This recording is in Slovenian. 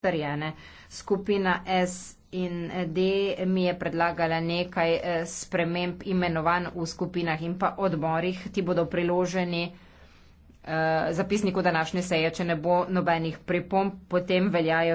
potrjene. Skupina S in D mi je predlagala nekaj eh, sprememb imenovan v skupinah in pa odborih. Ti bodo priloženi eh, zapisniku današnje seje, če ne bo nobenih pripomb, potem veljajo.